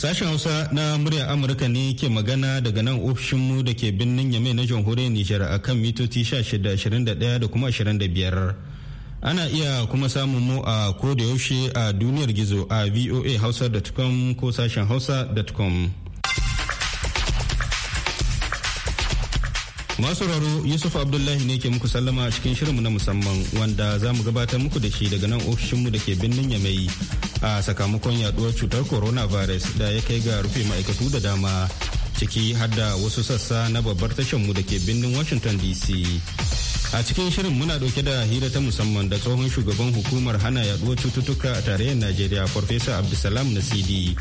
Sashen Hausa na muryar Amurka ne ke magana daga nan ofishinmu da ke birnin Yamai na jamhuriyar Nijar a kan mitoci 1621 da kuma 25. Ana iya kuma samun mu a kodayaushe a duniyar gizo a voa hausa.com ko sashen hausa.com. Masu raro Yusuf Abdullahi ne ke muku sallama a cikin shirinmu na musamman wanda za mu gabatar muku da shi daga nan ofishinmu da ke birnin Yamai a sakamakon yaduwar cutar coronavirus da ya kai ga rufe ma'aikatu da dama ciki har da wasu sassa na babbar tashanmu da ke birnin Washington DC. A cikin shirin muna dauke da hira ta musamman da tsohon shugaban hukumar hana yaduwar cututtuka a tarayyar Najeriya Farfesa Abdulsalam Nasidi.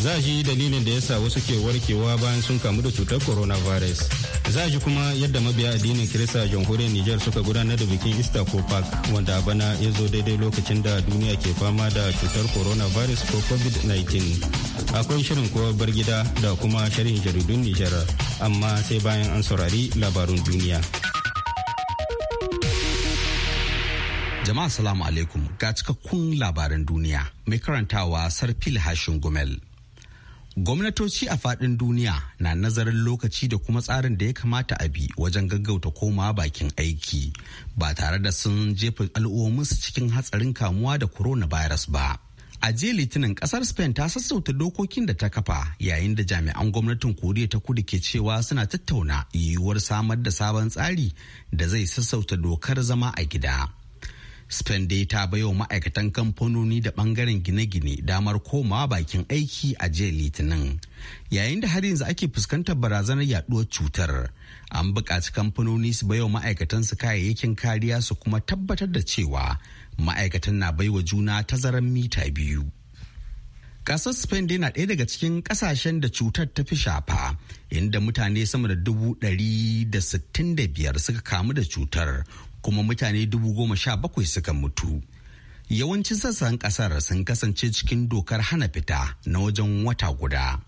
za ji dalilin da yasa wasu ke warkewa bayan sun kamu da cutar coronavirus za ji kuma yadda mabiya addinin kirista jamhuriyar niger suka gudanar da bikin easter ko park wanda bana ya zo daidai lokacin da duniya ke fama da cutar coronavirus ko covid-19 akwai shirin kowa bar gida da kuma sharhin jaridun niger amma sai bayan an saurari labarun duniya jama'a salamu alaikum ga cikakkun labaran duniya mai karantawa sarfil hashin gumel Gwamnatoci a faɗin duniya na nazarin lokaci da kuma tsarin da ya kamata a bi wajen gaggauta koma bakin aiki ba tare da sun jefa su cikin hatsarin kamuwa da coronavirus ba. A jiya Litinin ƙasar Spain ta sassauta dokokin da ta kafa yayin da jami'an gwamnatin Koriya ta kudu ke cewa suna tattauna yiwuwar samar da sabon tsari da zai sassauta dokar zama a gida. Spain dai ta bayo ma'aikatan kamfanoni da bangaren gine-gine damar komawa bakin aiki a jiya litinin. Yayin da har yanzu ake fuskantar barazanar yaduwar cutar, an buƙaci kamfanoni su ma'aikatan su kayayyakin kariya su kuma tabbatar da cewa ma'aikatan na baiwa juna tazarar mita biyu. Kasar Spain dai na ɗaya daga cikin ƙasashen da cutar ta fi shafa, inda mutane sama da dubu ɗari da sittin da biyar suka kamu da cutar, kuma mutane dubu goma sha bakwai suka mutu. Yawancin sassan kasar sun kasance cikin dokar hana fita na wajen wata guda.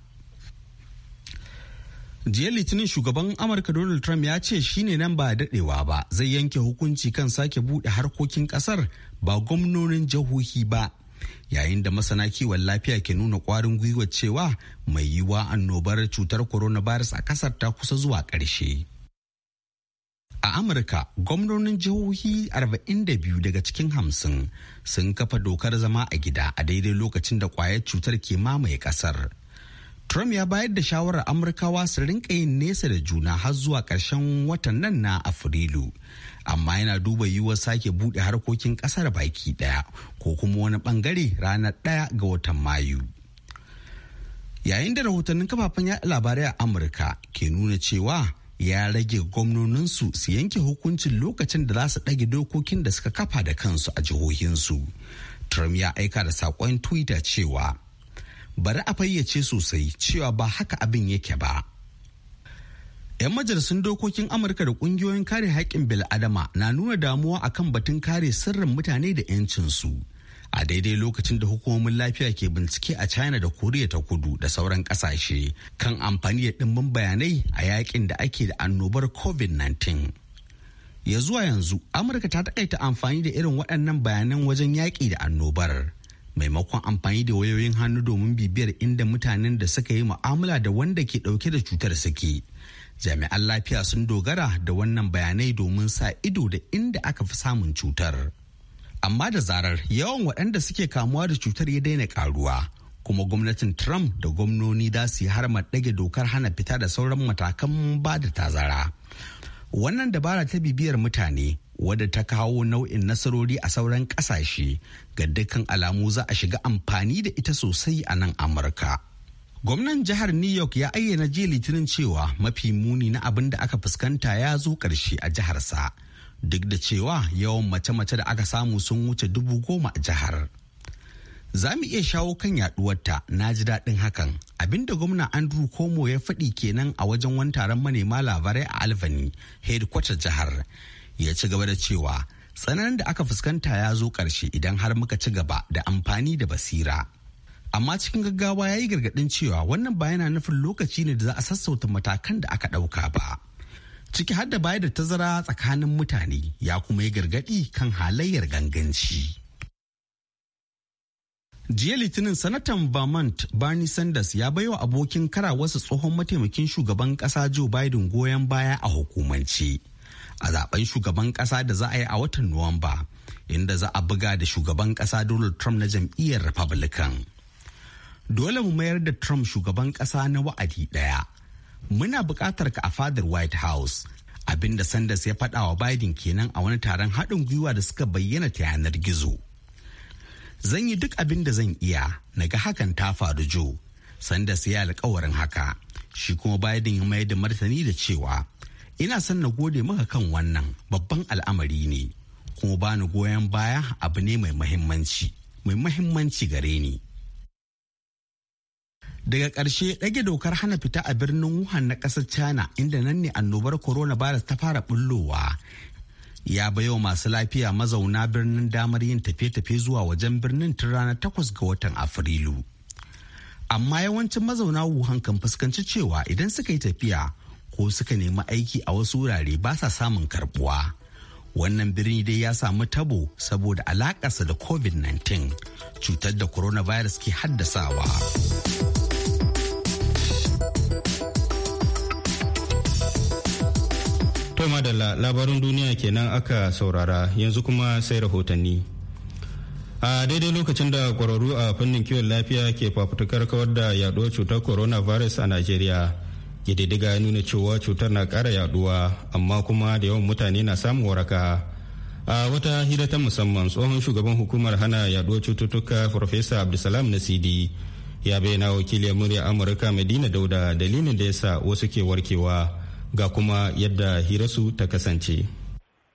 jiya litinin shugaban amurka donald trump ya ce shine nan ba daɗewa ba zai yanke hukunci kan sake buɗe harkokin ƙasar ba gwamnonin jihohi ba yayin da masana kiwon lafiya ke nuna ƙwarin gwiwa cewa mai yiwuwa annobar cutar coronavirus a kasar ta kusa zuwa ƙarshe. A Amurka, gwamnonin jihohi 42 daga cikin hamsin sun kafa dokar zama a gida a daidai lokacin da kwayar cutar ke mamaye kasar. Trump ya bayar da shawarar Amurkawa su rinka yin nesa da juna har zuwa ƙarshen watan nan na Afrilu. Amma yana duba yiwuwar sake buɗe harkokin ƙasar baki ɗaya ko kuma wani ɓangare ranar ɗaya ga watan Mayu. Yayin da rahotannin kafafen yaɗa labarai a Amurka ke nuna cewa ya rage gwamnoninsu su yanke hukuncin lokacin da za su ɗage dokokin da suka kafa da kansu a jihohinsu. Trump ya aika da saƙon Twitter cewa, bari a fayyace sosai cewa ba haka abin yake ba. 'Yan majalisun dokokin Amurka da ƙungiyoyin kare haƙƙin bil'adama na nuna damuwa akan batun kare sirrin mutane da 'yancinsu. su. a daidai lokacin da hukumomin lafiya ke bincike a china da koriya ta kudu da sauran kasashe kan amfani da dimbin bayanai a yakin da ake da annobar covid-19 ya zuwa yanzu amurka ta takaita amfani da irin waɗannan bayanan wajen yaƙi da annobar maimakon amfani da wayoyin hannu domin bibiyar inda mutanen da suka yi mu'amala da wanda ke ɗauke da cutar suke jami'an lafiya sun dogara da wannan bayanai domin sa ido da inda aka fi samun cutar. amma da zarar yawan waɗanda suke kamuwa da cutar ya daina karuwa kuma gwamnatin trump da gwamnoni za su yi harma ɗage dokar hana fita da sauran matakan ba da tazara wannan dabara ta bibiyar mutane wadda ta kawo nau'in nasarori a sauran ƙasashe ga dukkan alamu za a shiga amfani da ita sosai a nan amurka gwamnan jihar new york ya ayyana jiya litinin cewa mafi muni na abin da aka fuskanta ya zo ƙarshe a jiharsa. sa duk da cewa yawan mace-mace da aka samu sun wuce dubu goma a jihar. Za mu iya shawo kan yaduwarta na ji daɗin hakan abinda gwamna Andrew Cuomo ya faɗi kenan a wajen wani taron manema labarai a Albany, headquarter jihar. Ya ci gaba da cewa tsananin da aka fuskanta ya zo ƙarshe idan har muka ci gaba da amfani da basira. Amma cikin gaggawa ya yi gargaɗin cewa wannan ba yana nufin lokaci ne da za a sassauta matakan da aka ɗauka ba. ciki har da bayar da tazara tsakanin mutane ya kuma yi gargadi kan halayyar ganganci. jiya litinin sanatan vermont bernie sanders ya baiwa abokin kara wasu tsohon mataimakin shugaban kasa joe biden goyon baya a hukumance a zaben shugaban kasa da za a yi a watan nuwamba inda za a buga da shugaban kasa donald trump na jam'iyyar republican dole mu mayar da trump shugaban kasa na wa'adi ɗaya. muna buƙatar ka a fadar white house abinda sanders ya faɗa wa biden kenan a wani taron haɗin gwiwa da suka bayyana ta yanar gizo zan yi duk abin da zan iya na ga hakan ta faru jo sanders ya alkawarin haka shi kuma biden ya mayar da martani da cewa ina son na gode maka kan wannan babban al'amari ne kuma bani goyon baya abu ne mai mahimmanci mai mahimmanci gare ni daga ƙarshe ɗage dokar hana fita a birnin wuhan na ƙasar china inda nan ne annobar coronavirus ta fara bullowa ya bayo masu lafiya mazauna birnin damar yin tafiye-tafiye zuwa wajen birnin tun ranar takwas ga watan afrilu amma yawancin mazauna wuhan kan fuskanci cewa idan suka yi tafiya ko suka nemi aiki a wasu wurare ba sa samun karbuwa wannan birni dai ya samu tabo saboda alakarsa da covid-19 cutar da coronavirus ke haddasawa. To da labarin duniya kenan aka saurara yanzu kuma sai rahotanni. A daidai lokacin da kwararru a fannin kiwon lafiya ke fafutukar kawar da yaduwar cutar coronavirus a Najeriya. gididiga ya nuna cewa cutar na kara yaduwa amma kuma da yawan mutane na samun waraka. A wata hira ta musamman tsohon shugaban hukumar hana yaduwar cututtuka Farfesa Abdulsalam Nasidi ya bayyana ya murya Amurka Madina Dauda dalilin da yasa wasu ke warkewa. ga kuma yadda hirarsu ta kasance.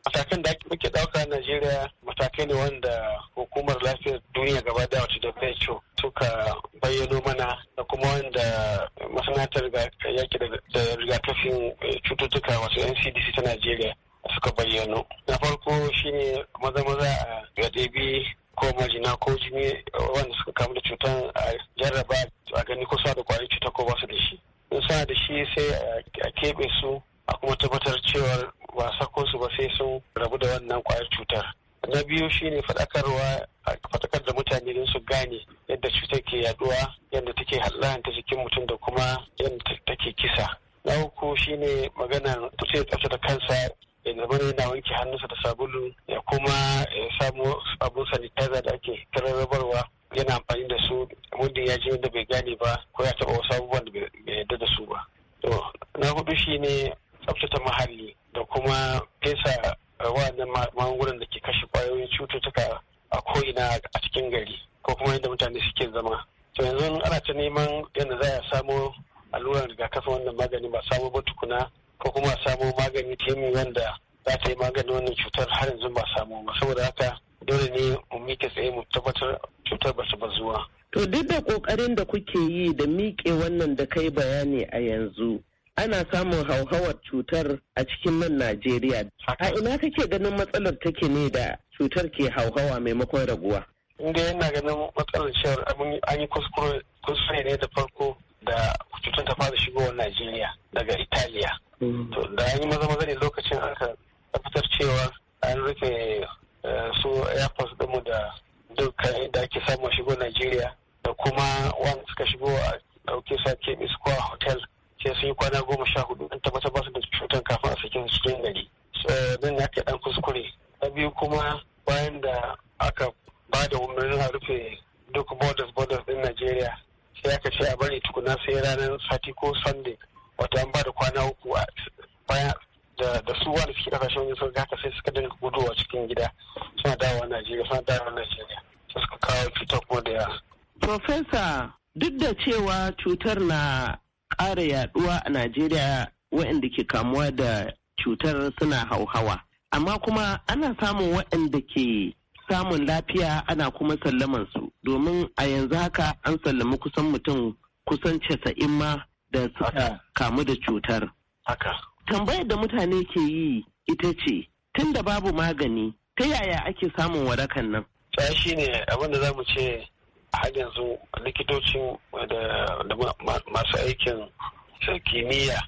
matakan da muke ɗauka a Najeriya matakai ne wanda hukumar lafiyar duniya gaba da wato WHO suka bayyano mana da kuma wanda masana'antar yaki da rigakafin cututtuka wasu NCDC ta Najeriya suka bayyano. Na farko shine maza-maza a gadebi ko majina ko jini wanda suka kamu da cutar a jarraba a gani ko suna da kwari cuta ko ba da shi. in sa da shi sai a keɓe su a kuma tabbatar cewa ba sako su ba sai sun rabu da wannan kwayar cutar na biyu shine faɗakarwa faɗakar da mutane don su gane yadda cutar ke yaduwa yadda take ta jikin mutum da kuma yadda take kisa na uku shine magana mutum ya da kansa ya zama yana wanke hannunsa da sabulu ya kuma ya samu abun sanitizer da ake rarrabarwa yana amfani da su muddin ya ji da bai gane ba ko ya taba wasu abubuwan da bai yarda da su ba to na hudu shine tsaftace muhalli da kuma fesa eh, wa'annan magungunan da ke kashe kwayoyin cututtuka a ko'ina a cikin gari ko kuma yadda mutane suke zama to yanzu ana ta neman yadda za a samo alluran rigakafin wannan magani ba samo ba tukuna ko kuma a samo magani ta wanda za ta yi maganin wannan cutar har yanzu ba samo ba saboda haka dole ne mu mike tsaye mu tabbatar cutar ba su zuwa. To duk da kokarin da kuke yi da miƙe wannan da kai bayani a yanzu ana samun hauhawar cutar a cikin nan Najeriya. A ina kake ganin matsalar take ne da cutar ke hauhawa maimakon raguwa? Inda yana ganin matsalar cewar abin an yi kuskure ne da farko da cutar ta fara shigowar Najeriya daga Italiya. Mm. da an yi maza maza ne lokacin aka tabbatar cewa an rufe Eh, su airports ɗinmu da dukkan da ake samu shigo Najeriya da kuma wanda suka shigo a ɗauke su a keɓe su hotel sai sun yi kwana goma sha hudu in tabbata ba su da cutar kafin a sakin su cikin gari. Eh, nan ya ke ɗan kuskure. Na biyu kuma bayan da aka ba da umarnin a rufe duk borders borders ɗin Najeriya sai aka ce a bari tukuna sai ranar sati ko sunday wata an ba da kwana uku bayan da su wanda suke kasashen waje suka gaka sai suka dinga guduwa cikin gida suna dawowa Najeriya suna dawowa Najeriya sai suka kawo cutar kuma da yawa. Profesa duk da cewa cutar na ƙara yaduwa a Najeriya waɗanda ke kamuwa da cutar suna hauhawa amma kuma ana samun waɗanda ke samun lafiya ana kuma sallaman su domin a yanzu haka an sallami kusan mutum kusan casa'in ma da suka kamu da cutar. Haka. tambayar da mutane ke yi ita ce tun da babu magani ta yaya ake samun warakan nan tsaya shi ne abinda za mu ce a yanzu likitocin da masu aikin kimiyya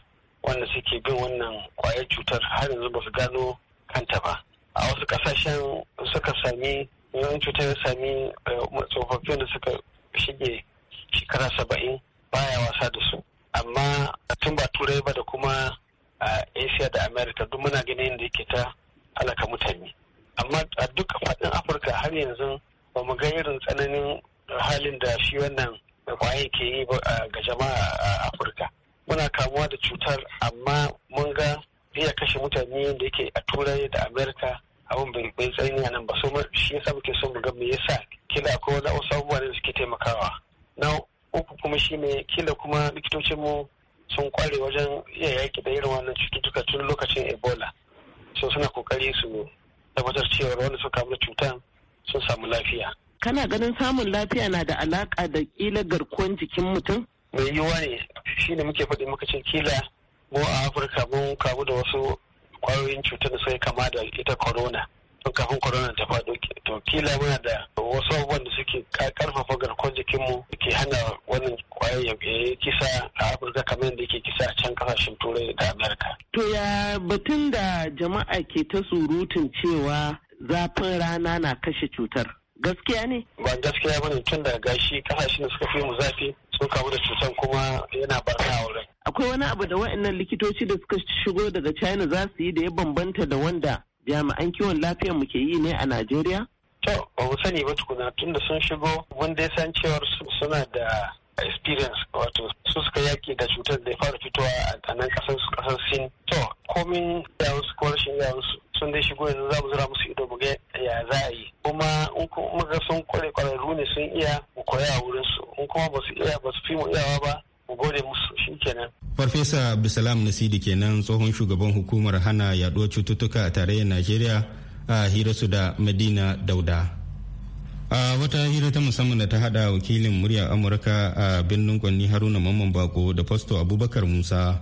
wanda suke bin wannan kwayar cutar har yanzu ba su gano kanta ba a wasu kasashen suka sami yawan cutar ya sami eh, tsofaffin da suka shige shekara saba'in baya wasa da su amma tun ba turai ba da kuma a asia da america duk muna ganin yadda yake ta halaka mutane amma a duk faɗin afirka har yanzu ba mu ga irin tsananin halin da shi wannan kwayan ke yi ga jama'a a afirka muna kamuwa da cutar amma mun ga zai kashe mutane da yake a turai da america abin bai tsayi a nan ba so shi yasa muke son mu ga me yasa kila ko wani abubuwa da suke taimakawa na uku kuma shine kila kuma likitocin mu sun kware wajen iya yaki da irin wannan cututtuka tun lokacin ebola so suna kokari su tabbatar cewa wanda suka kamu cutan sun samu lafiya kana ganin samun lafiya na da alaka da kila garkuwan jikin mutum mai yiwuwa ne shi ne muke faɗi muka ce kila mu a afirka mun kamu da wasu kwayoyin cutar da suka kama da ita corona kafin corona ta faɗo to kila muna da wasu abubuwan da suke karfafa garkuwar jikinmu da ke hana wannan kwayar ya eh, kisa a afirka kamar yadda yake kisa a can kasashen turai da amerika. to ya batun da jama'a ke ta surutun cewa zafin rana na kashe cutar gaskiya ne ba gaskiya bane tun da gashi kasashen da suka fi mu zafi sun kamu da cutar kuma yana barna a wurin akwai wani abu da wa'annan likitoci da suka shigo daga china za su yi da ya bambanta da wanda jami'an kiwon lafiyar muke yi ne a Najeriya? To, ba mu sani ba tukuna tunda sun shigo wanda ya san cewar suna da experience wato su suka yaki da cutar da ya fara fitowa a nan kasar kasar sin to komin wasu ko rashin wasu sun dai shigo yanzu za mu zura musu ido mu ga ya za a yi kuma in ga sun kware kwararru ne sun iya mu koya a wurin su in kuma ba su iya ba su fi mu iyawa ba gode musu shikenan farfesa abdulsalam nasidi kenan tsohon shugaban hukumar hana yaduwar cututtuka a tarayyar najeriya a hirarsu da madina dauda a wata hira ta musamman da ta hada wakilin muryar amurka a birnin kwanni haruna mamman bako da fasto abubakar musa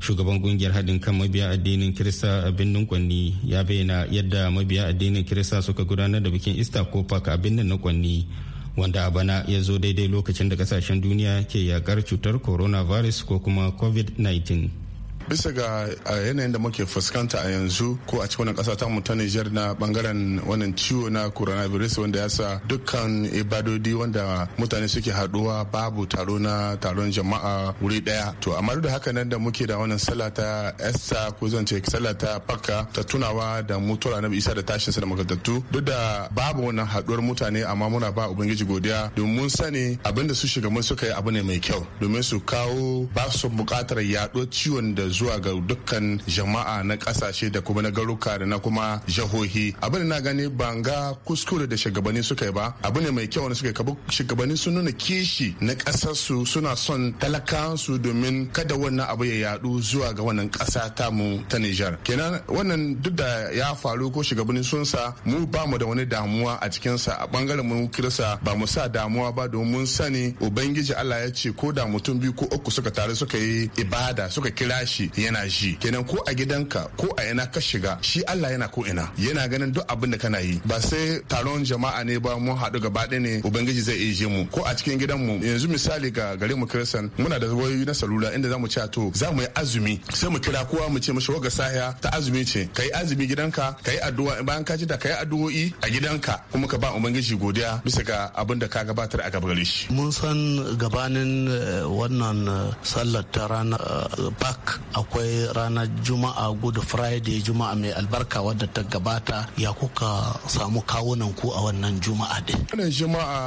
shugaban kungiyar haɗin kan mabiya addinin kirista a birnin kwanni ya bayyana yadda mabiya addinin kirista suka gudanar da bikin easter ko park a birnin na kwanni wanda a bana ya zo daidai lokacin da kasashen duniya ke yakar cutar coronavirus ko kuma covid-19 bisa ga yanayin da muke fuskanta a yanzu ko a cikin kasa ta mu ta Niger na bangaren wannan ciwo na coronavirus wanda ya sa dukkan ibadodi wanda mutane suke haduwa babu taro na taron jama'a wuri daya to amma duk da haka nan da muke da wannan sallah ta Esta ko zan ce sallah ta Fakka ta tunawa da mutuwar Annabi Isa da tashin sa da makaddatu duk da babu wannan haduwar mutane amma muna ba ubangiji godiya domin mun sani abinda su mun suka yi abu ne mai kyau domin su kawo ba su bukatar yaɗo ciwon da zuwa ga dukkan jama'a na kasashe da kuma na garuka da na kuma jahohi abin na gani banga kuskure da shugabanni suka yi ba abu ne mai kyau wanda suka kaba shugabanni sun nuna kishi na kasar su suna son talakansu domin kada wannan abu ya yadu zuwa ga wannan kasa ta mu ta Niger kenan wannan duk da ya faru ko shugabanni sun sa mu ba mu da wani damuwa a cikin sa a bangaren mu kirsa ba mu sa damuwa ba domin sani ubangiji Allah ya ce ko da mutum biyu ko uku suka tare suka yi ibada suka kira shi yana ji kenan ko a gidanka ko a ina ka shiga shi Allah yana ko ina yana ganin duk abin da kana yi ba sai taron jama'a ne ba mun haɗu gaba ɗaya ne ubangiji zai iya mu ko a cikin gidan mu yanzu misali ga gare mu kristan muna da wayoyi na salula inda zamu ci to za mu yi azumi sai mu kira kowa mu ce mishi waga sahiya ta azumi ce kai azumi gidanka kai addu'a bayan ka ji da kai addu'o'i a gidanka kuma ka ba ubangiji godiya bisa ga abin da ka gabatar a gaba shi mun san gabanin eh, wannan eh, sallar ta ranar bak eh, akwai ranar juma'a good friday juma'a mai albarka wadda ta gabata ya kuka samu kawunan ku a wannan juma'a din wannan juma'a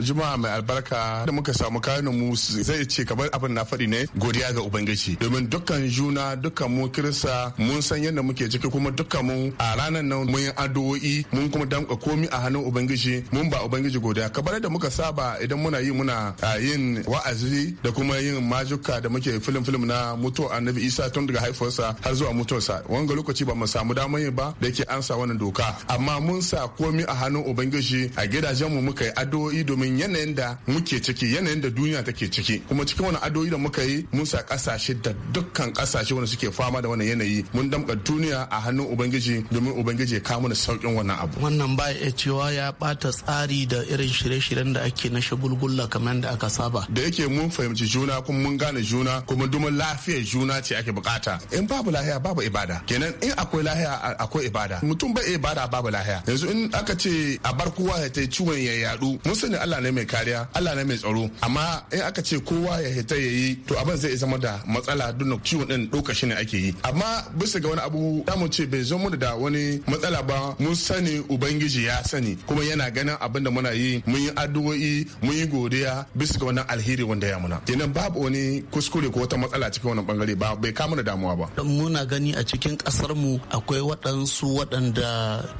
juma'a mai albarka da muka samu kawunan mu zai ce kamar abin na faɗi ne godiya ga ubangiji domin dukkan juna dukkan mu kirista mun san yadda muke ciki kuma dukkan mu a ranar nan mun yi addu'o'i mun kuma danka komi a hannun ubangiji mun ba ubangiji godiya kamar da muka saba idan muna yi muna yin wa'azi da kuma yin majuka da muke filin-filin na mutuwa annabi annabi isa tun daga haifuwarsa har zuwa mutuwarsa wanga lokaci ba mu samu damar yin ba da yake an wannan doka amma mun sa komi a hannun ubangiji a gidajen mu muka yi addu'o'i domin yanayin da muke ciki yanayin da duniya take ciki kuma cikin wani addu'o'i da muka yi mun sa kasashe da dukkan kasashe wanda suke fama da wannan yanayi mun damka duniya a hannun ubangiji domin ubangiji ya kawo mana saukin wannan abu wannan ba ya cewa ya bata tsari da irin shirye-shiryen da ake na shagulgulla kamar da aka saba da yake mun fahimci juna kuma mun gane juna kuma duma lafiyar juna ce ake bukata in babu lahiya babu ibada kenan in akwai lahiya akwai ibada mutum bai ibada babu lahiya yanzu in aka ce a bar kowa ya ta ciwon ya yadu mun sani Allah ne mai kariya Allah ne mai tsaro amma in aka ce kowa ya hita yayi to abin zai zama da matsala duk ciwon din doka shi ne ake yi amma bisa ga wani abu da mu ce bai zo mu da wani matsala ba mun sani ubangiji ya sani kuma yana ganin abin da muna yi mun yi addu'o'i mun yi godiya bisa ga wannan alheri wanda ya muna kenan babu wani kuskure ko wata matsala cikin wannan bangare ba bai kama da damuwa ba muna gani a cikin kasar mu akwai waɗansu waɗanda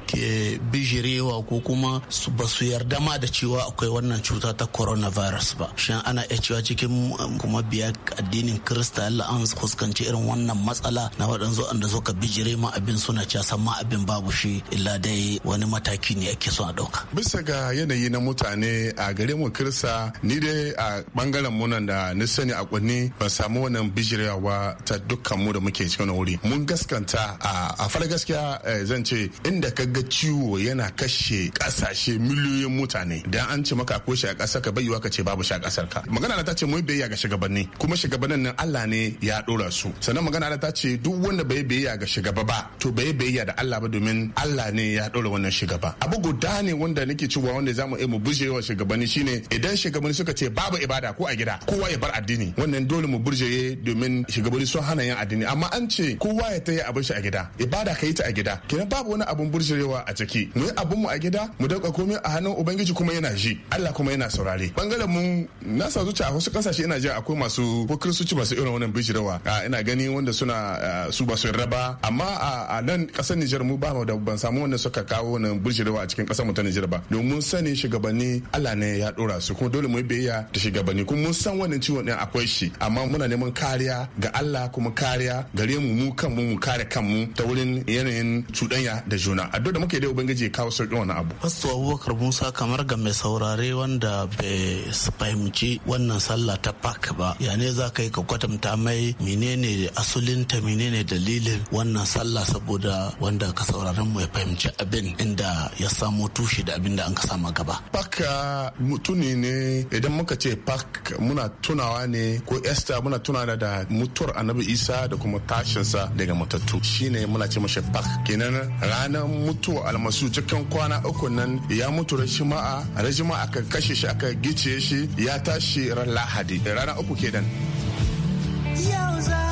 ke bijirewa ko kuma ba su yarda ma da cewa akwai wannan cuta ta coronavirus ba shin ana iya cewa cikin kuma biya addinin kirista Allah an fuskanci irin wannan matsala na waɗansu waɗanda suka bijire ma abin suna cewa san ma abin babu shi illa dai wani mataki ne ake so a ɗauka bisa ga yanayi na mutane a gare mu kirista ni dai a bangaren munan da ni sani a kunni ba samu wannan bijirewa ta dukkan mu da muke cikin wuri mun gaskanta a fara gaskiya eh, zan ce inda ka ga ciwo yana kashe kasashe miliyoyin mutane dan an ce maka ko shi a kasar ka bayyuwa ka ce babu shi a kasar ka magana na ta ce mun ga shugabanni kuma shugabannin nan Allah ne ya dora su sannan magana na ta ce duk wanda bai biyayya ga shugaba ba to bai biyayya da Allah ba domin Allah ne ya dora wannan shugaba abu guda ne wanda nake cewa wanda zamu iya mu bujewa shugabanni shine idan shugabanni suka ce babu ibada ko a gida kowa ya bar addini wannan dole mu burjeye domin shugabanni su sun hana yin addini amma an ce kowa ya ta yi abin shi a gida ibada ka yi ta a gida kenan babu wani abun burjirewa a ciki mu yi abun mu a gida mu dauka komai a hannun ubangiji kuma yana ji Allah kuma yana saurare bangaren mu na sa zuciya a wasu kasashe ina jin akwai masu ko kristoci masu irin wannan burjirewa ina gani wanda suna su ba su yarda ba amma a nan kasar Nijar mu ba mu da ban samu wanda suka kawo wannan burjirewa a cikin kasar mu ta Nijar ba domin sani shugabanni Allah ne ya dora su kuma dole mu yi biyayya da shugabanni kuma mun san wannan ciwon din akwai shi amma muna neman kariya ga Allah kuma kariya gare mu mu kanmu mu kare kanmu ta wurin yanayin cuɗanya da juna addu'a da muke da ubangiji ya kawo sauki wannan abu pastor abubakar musa kamar ga mai saurare wanda bai fahimci wannan sallah ta pak ba ya ne za ka yi ka kwatanta mai menene asulinta menene dalilin wannan sallah saboda wanda ka sauraron mu ya fahimci abin inda ya samo tushe da abin da an ka sama gaba pak ah, mutune ne idan muka ce pak muna tunawa ne ko esther muna tunawa da mutuwar annabi annabi isa da kuma tashinsa daga matattu shine muna ce mashi pak kenan ranar mutuwa almasu cikin kwana uku nan ya mutu rashima'a rajima aka kashe shi aka gice shi ya tashi ran lahadi rana uku kenan yau za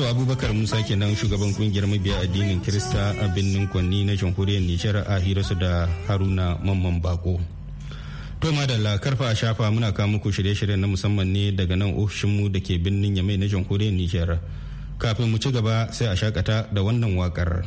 Fasto Abubakar Musa kenan shugaban kungiyar mabiya addinin Kirista a birnin Kwanni na jamhuriyar Nijar a hirarsu da Haruna Mamman Bako. To madalla karfa a shafa muna kawo muku shirye-shirye na musamman ne daga nan ofishinmu da ke birnin Yamai na jamhuriyar Nijar. Kafin mu ci gaba sai a shakata da wannan wakar.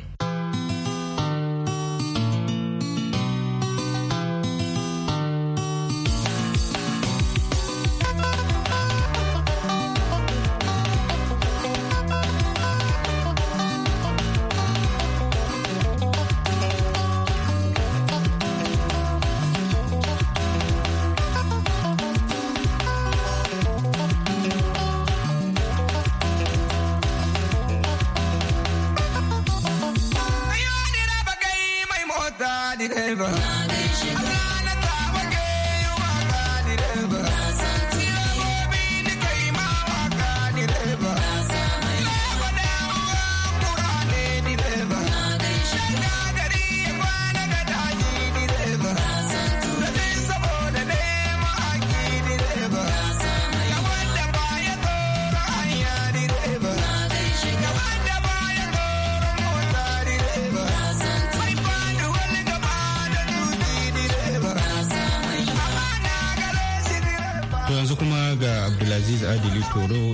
baby.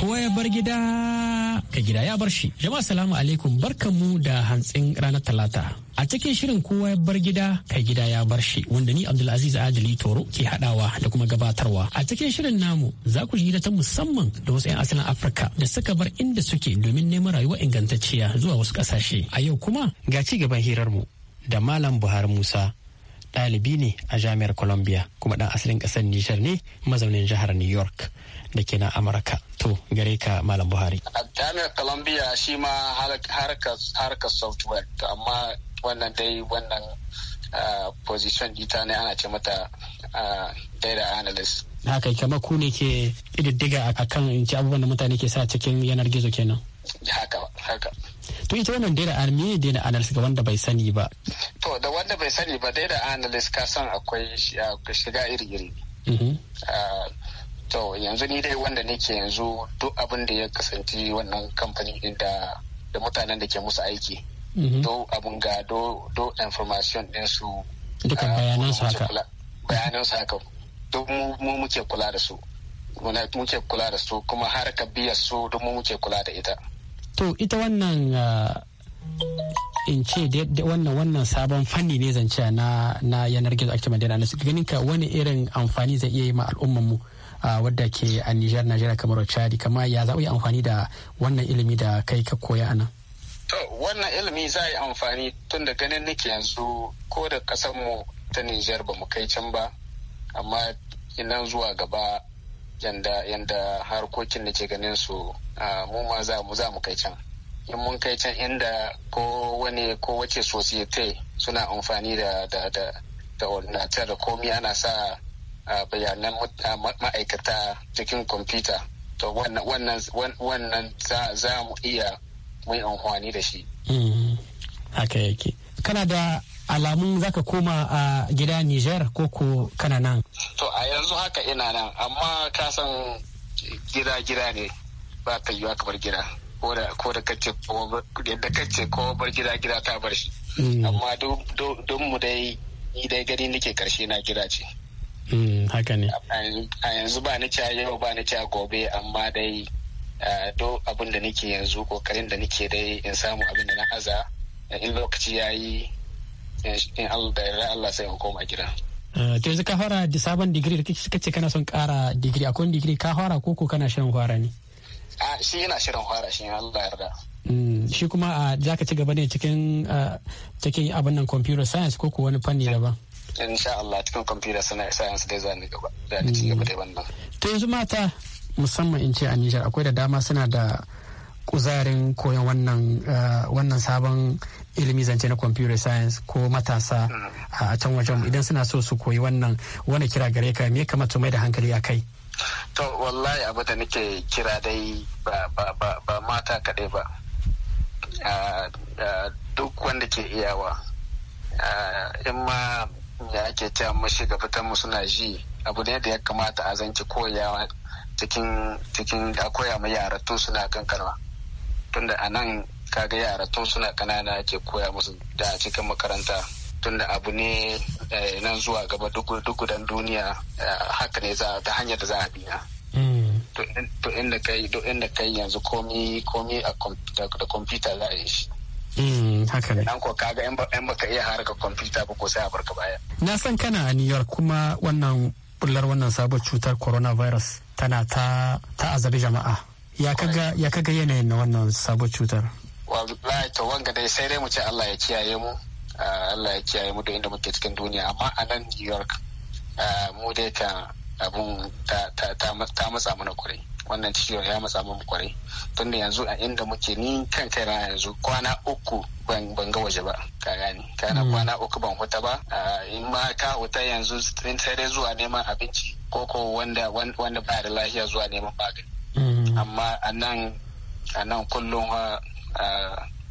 Kowa ya bar gida ka gida ya bar shi. Jama'a salamu alaikum barkanmu da hantsin ranar talata. A cikin shirin kowa ya bar gida ka gida ya bar shi wanda ni Abdulaziz Adili Toro ke hadawa da kuma gabatarwa. A cikin shirin namu za ku ji ta musamman da wasu 'yan asalin Afirka da suka bar inda suke domin neman rayuwa ingantacciya zuwa wasu kasashe. A yau kuma ga ci gaban hirarmu da Malam Buhari Musa ɗalibi ne a jami'ar columbia kuma ɗan asalin ƙasar nijar ne mazaunin jihar new york da ke na amurka to gare ka malam buhari a jami'ar columbia shi ma harkar software amma wannan dai wannan ah, position ita ne ana ce mata ah, data analyst haka kama ku ne ke ƙididdiga a kan abubuwan da mutane ke sa cikin yanar gizo kenan haka haka to ita wannan data me data analyst ga wanda bai sani ba to da wanda bai sani ba data analyst ka san akwai shiga iri-iri mm-hmm. to yanzu ni dai wanda nake yanzu duk abin da ya kasance wannan kamfani din da da mutanen da ke musu aiki mm-hmm. do abun ga do do information din su duka bayanan su haka bayanan su haka duk mu muke kula da su muke kula da su kuma har ka biya su duk mu muke kula da ita to ita wannan ah, in ce wannan wannan sabon fanni ne zance na na yanar gizo ake madina na ganin ka wani irin amfani zai iya yi ma al'ummar mu ah, wadda ke a Nijar Najeriya kamar Chadi kama ya yi amfani da wannan ilimi da kai ka koya anan. To wannan ilimi za yi amfani tun da ganin nake yanzu ko da kasar mu ta Nijar ba mu kai can ba amma inan zuwa gaba yanda yanda harkokin da ke ganin su mu ma za mu za mu kai can in mun kai can inda ko wani ko wace societe suna amfani da da da da ordinator da komi ana sa bayanan ma'aikata cikin kwamfuta to wannan za mu iya yi amfani da shi mm-hmm. haka yake kana da alamun za ka koma a gida Niger ko ko kana nan? To a yanzu haka ina nan amma ka san gida gida ne ba ka yiwa bar gida ko da ko da kace ko yadda kace ko bar gida gida ta bar shi mm. amma don mu dai ni dai gani nake karshe na gida ce. Mm, haka ne. A yanzu ba ni ca yau ba ni ca gobe amma dai do abin da nake yanzu kokarin da nake dai in samu abin da na haza in lokaci ya yi Eh, in Allah da Allah sai in koma gida eh, to yanzu ka fara da sabon digiri da kake ce kana son kara digiri akwai digiri ka fara ko ko kana shan fara ne a shi yana shirin fara shi Allah yarda hmm, shi kuma a za ka ci gaba ne cikin cikin abin nan computer science ko ko wani fanni daban insha Allah cikin computer science dai zan gaba ni ci gaba da wannan hmm. to yanzu mata musamman in ce a Nijar akwai da dama suna da kuzarin koyon wannan eh, sabon ilimi zance na computer science ko matasa a can wajen idan suna so su koyi wannan wani kira gare ka me kamata mai da hankali a kai to wallahi abu da nake kira dai ba mata kaɗai ba duk wanda ke iyawa in ma ya ake cewa mashi mu suna ji abu ne da ya kamata a zance koyawa cikin a koya ma yara to suna kankanwa tunda a nan kaga yara tun suna kanana ake koya musu da cikin makaranta tunda abu ne eh, nan zuwa gaba duk gudan duniya eh, haka ne ta hanyar da za a biya hmm. to inda kai duk inda kai yanzu komi komi da komputa za a yi shi hmm, haka ne. ko kaga in baka iya harka komputa ba ko sai a barka baya. Na san kana a New York kuma wannan bullar wannan sabon cutar coronavirus tana ta ta jama'a. Ya kaga yanayin na wannan sabon cutar. wallahi to wanga dai sai dai mu ce Allah ya kiyaye mu ah, Allah ya kiyaye mu da inda muke cikin duniya amma a nan New York ah, mu dai ka abun ta matsa mana kwarai wannan ciwon ya matsa mana kwarai tun da yanzu a inda muke ni kan kai na yanzu kwana uku ban ga waje ba ka gani kana hmm. kwana uku ban huta ba ah, in ma ka huta yanzu sai dai zuwa neman abinci ko ko wanda wanda ba da lafiya zuwa neman magani hmm. amma a nan a nan kullum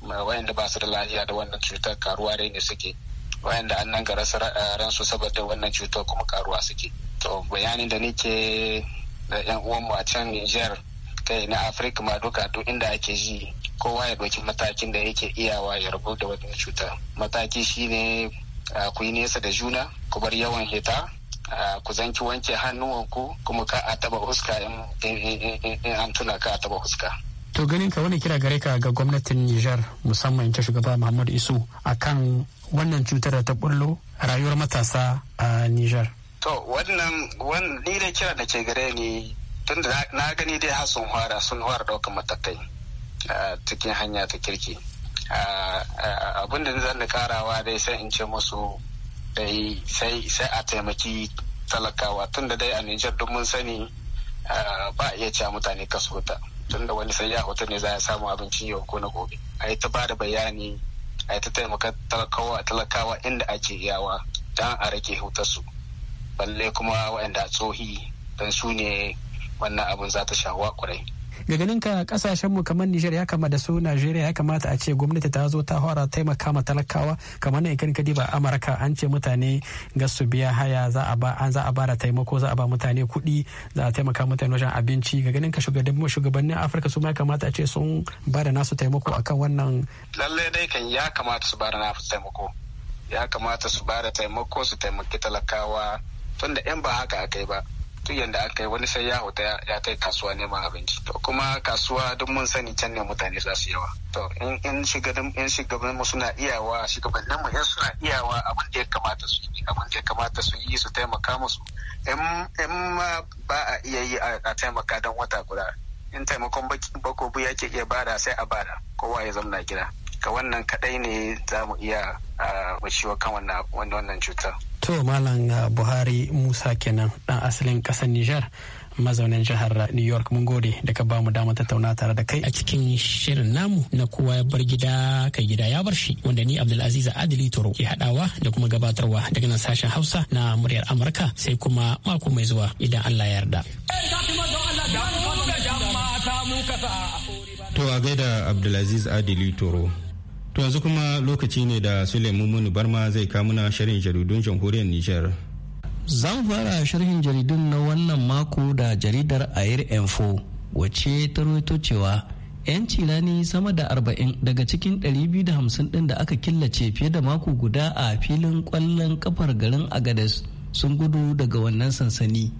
wayanda ba su da lafiya da wannan cutar karuwa dai ne suke wayanda an nan rasa ransu saboda wannan cutar kuma karuwa suke to bayanin da nake da yan uwanmu a can Niger kai na Africa ma duka duk inda ake ji kowa ya ɗauki matakin da yake iyawa ya rabu da wannan cuta mataki shine ku yi nesa da juna ku bar yawan hita ku zanki wanke hannuwanku kuma ka a taba huska in an tuna ka a taba huska to ganin ka wani kira gare ka ga gwamnatin Nijar musamman ta shugaba Muhammadu Isu kan wannan cutar da ta bullo rayuwar matasa a Nijar. To wannan ni da kira da ke gare ni tun da na gani dai har sun fara sun fara ɗaukar matakai cikin hanya ta kirki. Abin da zan karawa dai sai in ce musu dai sai a taimaki talakawa tun da dai a Nijar duk mun sani ba iya cewa mutane kasuta. tunda wani sai ya hoton ne za a samu abincin yau ko na gobe a yi ta ba da bayani a yi ta taimaka talakawa talakawa inda ake iyawa don a rage su, balle kuma waɗanda tsohi don su ne wannan abin za ta shawo kwarai ga ganin ka kasashen mu kamar Nijar ya kamata su Najeriya ya kamata a ce gwamnati ta zo ta fara taimaka ma talakawa kamar nan kan kadi ba Amurka an ce mutane ga su biya haya za a ba an za a ba da taimako za a ba mutane kuɗi za a taimaka mutane wajen abinci ga ganin ka shugabannin Afirka su ma ya kamata a ce sun ba da nasu taimako akan wannan lalle dai kan ya kamata su ba da nasu taimako ya kamata su ba da taimako su taimaki talakawa tunda in ba haka akai ba duk yadda aka yi wani sai ya hota ya kai kasuwa neman abinci to kuma kasuwa duk mun sani can ne mutane za su yawa to in shugaban mu suna iyawa shugabannin mu in suna iyawa abin da ya kamata su yi abin da ya kamata su yi su taimaka musu in ma ba a iya yi a taimaka don wata guda in taimakon bako ya ke iya bada sai a bada kowa ya zamna gida ka wannan kadai ne za mu iya a kan wannan cutar. to malam buhari musa kenan dan asalin kasar niger mazaunin jihar New York mun gode da ka bamu damar tattauna tare da kai a cikin shirin namu na kowa ya bar gida kai gida ya bar shi wanda ni Abdulaziz Adili Toro ke hadawa da kuma gabatarwa daga nan sashen Hausa na muryar Amurka sai kuma mako mai zuwa idan Allah ya yarda. To a gaida Abdulaziz Adili Toro To yanzu kuma lokaci ne da sule Muni Barma zai kamuna shirin jaridun jamhuriyar Nijar. Zan fara sharhin jaridun na wannan mako da jaridar Air Info wace ta rawaito cewa 'yan cilani sama da arba'in daga cikin 250 ɗin da aka killace fiye da mako guda a filin kwallon ƙafar garin Agades sun gudu daga wannan sansani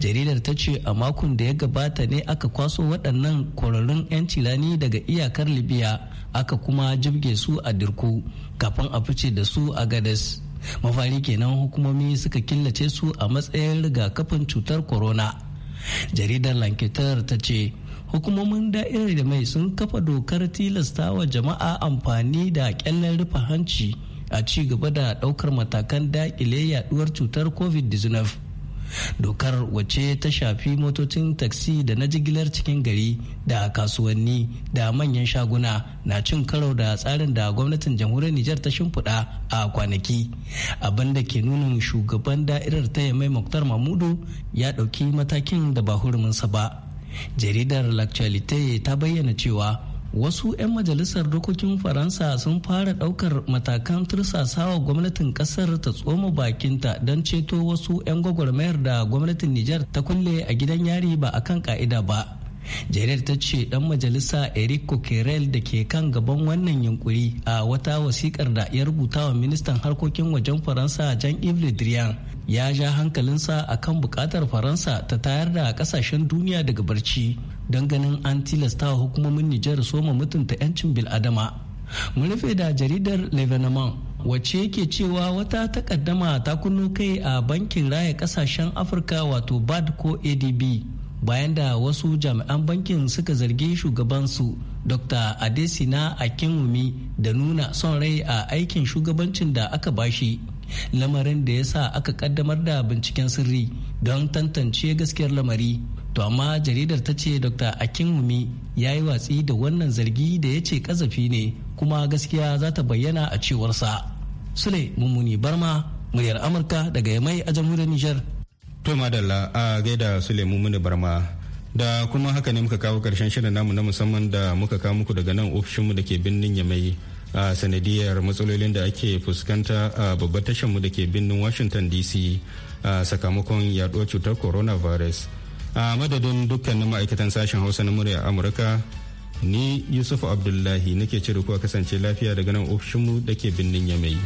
jaridar ta ce a makon da ya gabata ne aka kwaso waɗannan kwararrun 'yan cirani daga iyakar libya aka kuma jibge su a dirku kafin a fice da su a gadas mafari kenan hukumomi suka killace su a matsayin rigakafin cutar corona jaridar lanketar ta ce hukumomin da'irar da mai sun kafa dokar tilasta wa jama'a amfani da kyallen rufe hanci a ci gaba da daukar matakan dakile yaduwar cutar covid-19 dokar wace ta shafi motocin taksi da na jigilar cikin gari da kasuwanni da manyan shaguna na cin karo da tsarin da gwamnatin jamhuriyar nijar ta shimfiɗa a kwanaki abin da ke nunin shugaban da'irar ta mai muktar mamudu ya ɗauki matakin da ba huruminsa ba jaridar lactualite ta bayyana cewa wasu 'yan majalisar dokokin faransa sun fara daukar matakan tursasawa gwamnatin kasar ta tsoma bakinta don ceto wasu 'yan gwagwarmayar da gwamnatin nijar ta kulle a gidan yari ba a kan ka'ida ba jaridar ta ce dan majalisa eric coquerel da ke kan gaban wannan yunkuri a wata wasikar da ya rubuta wa ministan harkokin wajen faransa jean-yves le ya ja hankalinsa akan bukatar faransa ta tayar da kasashen duniya daga barci don ganin an tilasta wa hukumomin Nijar soma mutunta 'yancin bil'adama. Mun rufe da jaridar Levenaman wacce ke cewa wata takaddama ta kunno kai a bankin raya kasashen Afirka wato BAD ko ADB bayan da wasu jami'an bankin suka zargi shugabansu Dr. Adesina Akinwumi da nuna son rai a aikin shugabancin da aka bashi. lamarin da ya sa aka kaddamar da binciken sirri don tantance gaskiyar lamari to amma jaridar ta ce dr akinwumi ya yi watsi da wannan zargi da ya ce kazafi ne kuma gaskiya za ta bayyana a cewarsa sule mummuni barma muryar amurka daga yamai a jamhuriyar nijar to madalla a gaida sule mummuni barma da kuma haka ne muka kawo karshen shirin namu na musamman da muka kawo muku daga nan ofishinmu da ke birnin yamai a sanadiyar matsalolin da ake fuskanta a babbar tashanmu da ke birnin washington dc a sakamakon yaduwar cutar coronavirus a madadin dukkanin ma'aikatan sashen hausa na murya amurka ni yusuf abdullahi nake cire ku a kasance lafiya daga nan ofishinmu da ke birnin yamai.